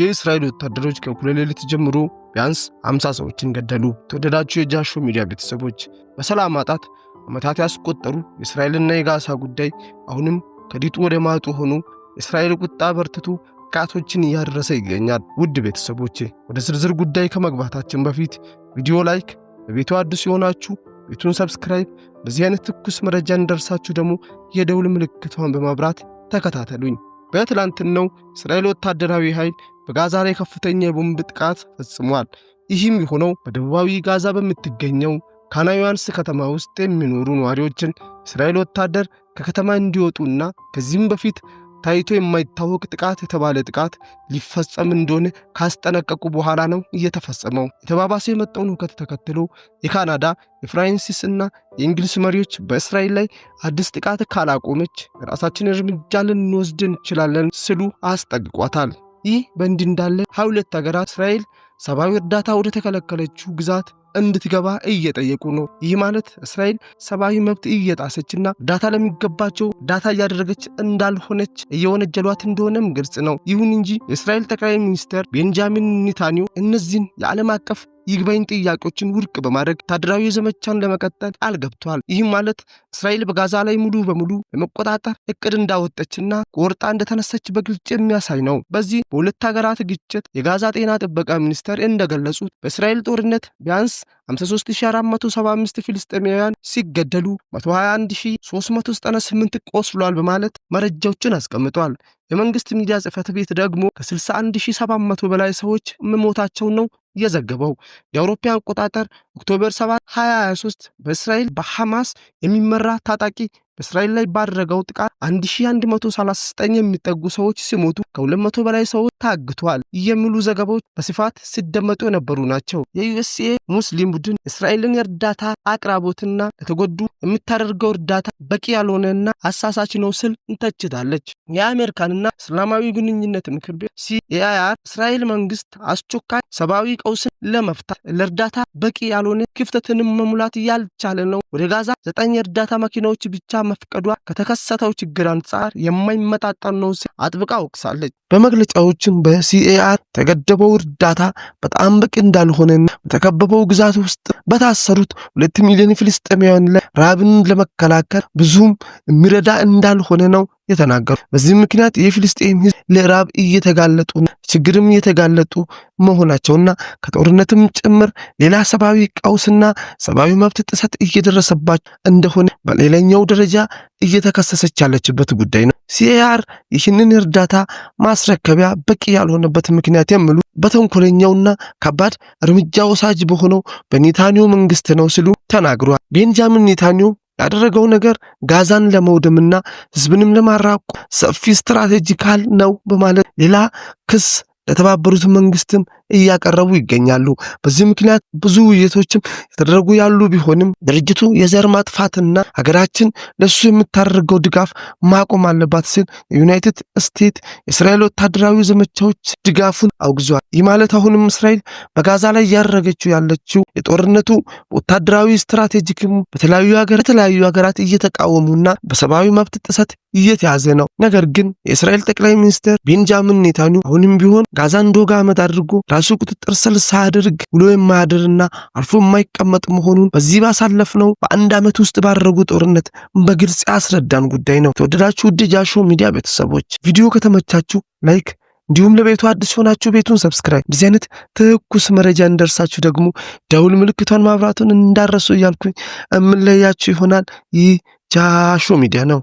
የእስራኤል ወታደሮች ከእኩለ ሌሊት ጀምሮ ቢያንስ 50 ሰዎችን ገደሉ። ተወደዳችሁ የጃሾ ሚዲያ ቤተሰቦች በሰላም ማጣት ዓመታት ያስቆጠሩ የእስራኤልና የጋሳ ጉዳይ አሁንም ከዲጡ ወደ ማጡ ሆኖ የእስራኤል ቁጣ በርትቶ ጥቃቶችን እያደረሰ ይገኛል። ውድ ቤተሰቦቼ ወደ ዝርዝር ጉዳይ ከመግባታችን በፊት ቪዲዮ ላይክ፣ በቤቱ አዲስ የሆናችሁ ቤቱን ሰብስክራይብ፣ በዚህ አይነት ትኩስ መረጃ እንደርሳችሁ ደግሞ የደውል ምልክቷን በማብራት ተከታተሉኝ። በትላንትናው እስራኤል ወታደራዊ ኃይል በጋዛ ላይ ከፍተኛ የቦምብ ጥቃት ፈጽሟል። ይህም የሆነው በደቡባዊ ጋዛ በምትገኘው ካናዮንስ ከተማ ውስጥ የሚኖሩ ነዋሪዎችን እስራኤል ወታደር ከከተማ እንዲወጡና ከዚህም በፊት ታይቶ የማይታወቅ ጥቃት የተባለ ጥቃት ሊፈጸም እንደሆነ ካስጠነቀቁ በኋላ ነው እየተፈጸመው። የተባባሰ የመጣውን ሁከት ተከትሎ የካናዳ የፍራንሲስ እና የእንግሊዝ መሪዎች በእስራኤል ላይ አዲስ ጥቃት ካላቆመች ራሳችን እርምጃ ልንወስድ እንችላለን ስሉ አስጠንቅቋታል። ይህ በእንዲህ እንዳለ ሀያ ሁለት ሀገራት እስራኤል ሰብአዊ እርዳታ ወደ ተከለከለችው ግዛት እንድትገባ እየጠየቁ ነው። ይህ ማለት እስራኤል ሰብአዊ መብት እየጣሰችና ዳታ ለሚገባቸው ዳታ እያደረገች እንዳልሆነች እየወነጀሏት እንደሆነም ግልጽ ነው። ይሁን እንጂ የእስራኤል ጠቅላይ ሚኒስትር ቤንጃሚን ኔታንያሁ እነዚህን የዓለም አቀፍ ይግባኝ ጥያቄዎችን ውድቅ በማድረግ ወታደራዊ ዘመቻን ለመቀጠል ቃል ገብተዋል። ይህም ማለት እስራኤል በጋዛ ላይ ሙሉ በሙሉ ለመቆጣጠር እቅድ እንዳወጠችና ቆርጣ እንደተነሳች በግልጽ የሚያሳይ ነው። በዚህ በሁለት ሀገራት ግጭት የጋዛ ጤና ጥበቃ ሚኒስቴር እንደገለጹት በእስራኤል ጦርነት ቢያንስ 53475 ፊልስጤማውያን ሲገደሉ 121398 ቆስሏል በማለት መረጃዎችን አስቀምጧል። የመንግስት ሚዲያ ጽህፈት ቤት ደግሞ ከ61700 በላይ ሰዎች መሞታቸውን ነው የዘገበው። የአውሮፓውያን አቆጣጠር ኦክቶበር 7 2023 በእስራኤል በሐማስ የሚመራ ታጣቂ በእስራኤል ላይ ባደረገው ጥቃት 1139 የሚጠጉ ሰዎች ሲሞቱ ከ200 በላይ ሰዎች ታግቷል የሚሉ ዘገባዎች በስፋት ሲደመጡ የነበሩ ናቸው። የዩኤስኤ ሙስሊም ቡድን እስራኤልን የእርዳታ አቅራቦትና ለተጎዱ የምታደርገው እርዳታ በቂ ያልሆነና አሳሳች ነው ስል እንተችታለች። የአሜሪካንና እስላማዊ ግንኙነት ምክር ቤት ሲኤአር እስራኤል መንግስት አስቸኳይ ሰብአዊ ቀውስን ለመፍታት ለእርዳታ በቂ ያልሆነ ክፍተትንም መሙላት እያልቻለ ነው። ወደ ጋዛ ዘጠኝ የእርዳታ መኪናዎች ብቻ መፍቀዷ ከተከሰተው ችግር አንጻር የማይመጣጠን ነው ሲል አጥብቃ ወቅሳለች። በመግለጫዎችም በሲኤአር ተገደበው እርዳታ በጣም በቂ እንዳልሆነና በተከበበው ግዛት ውስጥ በታሰሩት ሁለት ሚሊዮን ፍልስጤማውያን ላይ ራብን ለመከላከል ብዙም የሚረዳ እንዳልሆነ ነው የተናገሩ። በዚህም ምክንያት የፊልስጤም ህዝብ ለራብ እየተጋለጡ ችግርም እየተጋለጡ መሆናቸውና ከጦርነትም ጭምር ሌላ ሰብአዊ ቀውስና ሰብአዊ መብት ጥሰት እየደረሰባቸው እንደሆነ በሌላኛው ደረጃ እየተከሰሰች ያለችበት ጉዳይ ነው። ሲኤአር ይህንን እርዳታ ማስረከቢያ በቂ ያልሆነበት ምክንያት የሚሉ በተንኮለኛውና ከባድ እርምጃ ወሳጅ በሆነው በኔታንያሁ መንግስት ነው ሲሉ ተናግሯል። ቤንጃሚን ኔታንያሁ ያደረገው ነገር ጋዛን ለመውደምና ህዝብንም ለማራቁ ሰፊ ስትራቴጂካል ነው በማለት ሌላ ክስ ለተባበሩት መንግስትም እያቀረቡ ይገኛሉ። በዚህ ምክንያት ብዙ ውይይቶችም የተደረጉ ያሉ ቢሆንም ድርጅቱ የዘር ማጥፋትና ሀገራችን ለሱ የምታደርገው ድጋፍ ማቆም አለባት ሲል የዩናይትድ ስቴትስ የእስራኤል ወታደራዊ ዘመቻዎች ድጋፉን አውግዟል። ይህ ማለት አሁንም እስራኤል በጋዛ ላይ እያደረገችው ያለችው የጦርነቱ ወታደራዊ ስትራቴጂክም በተለያዩ በተለያዩ ሀገራት እየተቃወሙና በሰብአዊ መብት ጥሰት እየተያዘ ነው። ነገር ግን የእስራኤል ጠቅላይ ሚኒስትር ቤንጃሚን ኔታንያሁ አሁንም ቢሆን ጋዛን ዶጋ ዓመት አድርጎ ራሱ ቁጥጥር ስር ሳያደርግ ውሎ የማያድርና አርፎ የማይቀመጥ መሆኑን በዚህ ባሳለፍነው በአንድ አመት ውስጥ ባደረጉ ጦርነት በግልጽ ያስረዳን ጉዳይ ነው። ተወደዳችሁ ውድ ጃሾ ሚዲያ ቤተሰቦች ቪዲዮ ከተመቻችሁ ላይክ እንዲሁም ለቤቱ አዲስ ሆናችሁ ቤቱን ሰብስክራይብ፣ እንደዚህ አይነት ትኩስ መረጃ እንደርሳችሁ ደግሞ ደውል ምልክቷን ማብራቱን እንዳረሱ እያልኩኝ እምለያችሁ ይሆናል። ይህ ጃሾ ሚዲያ ነው።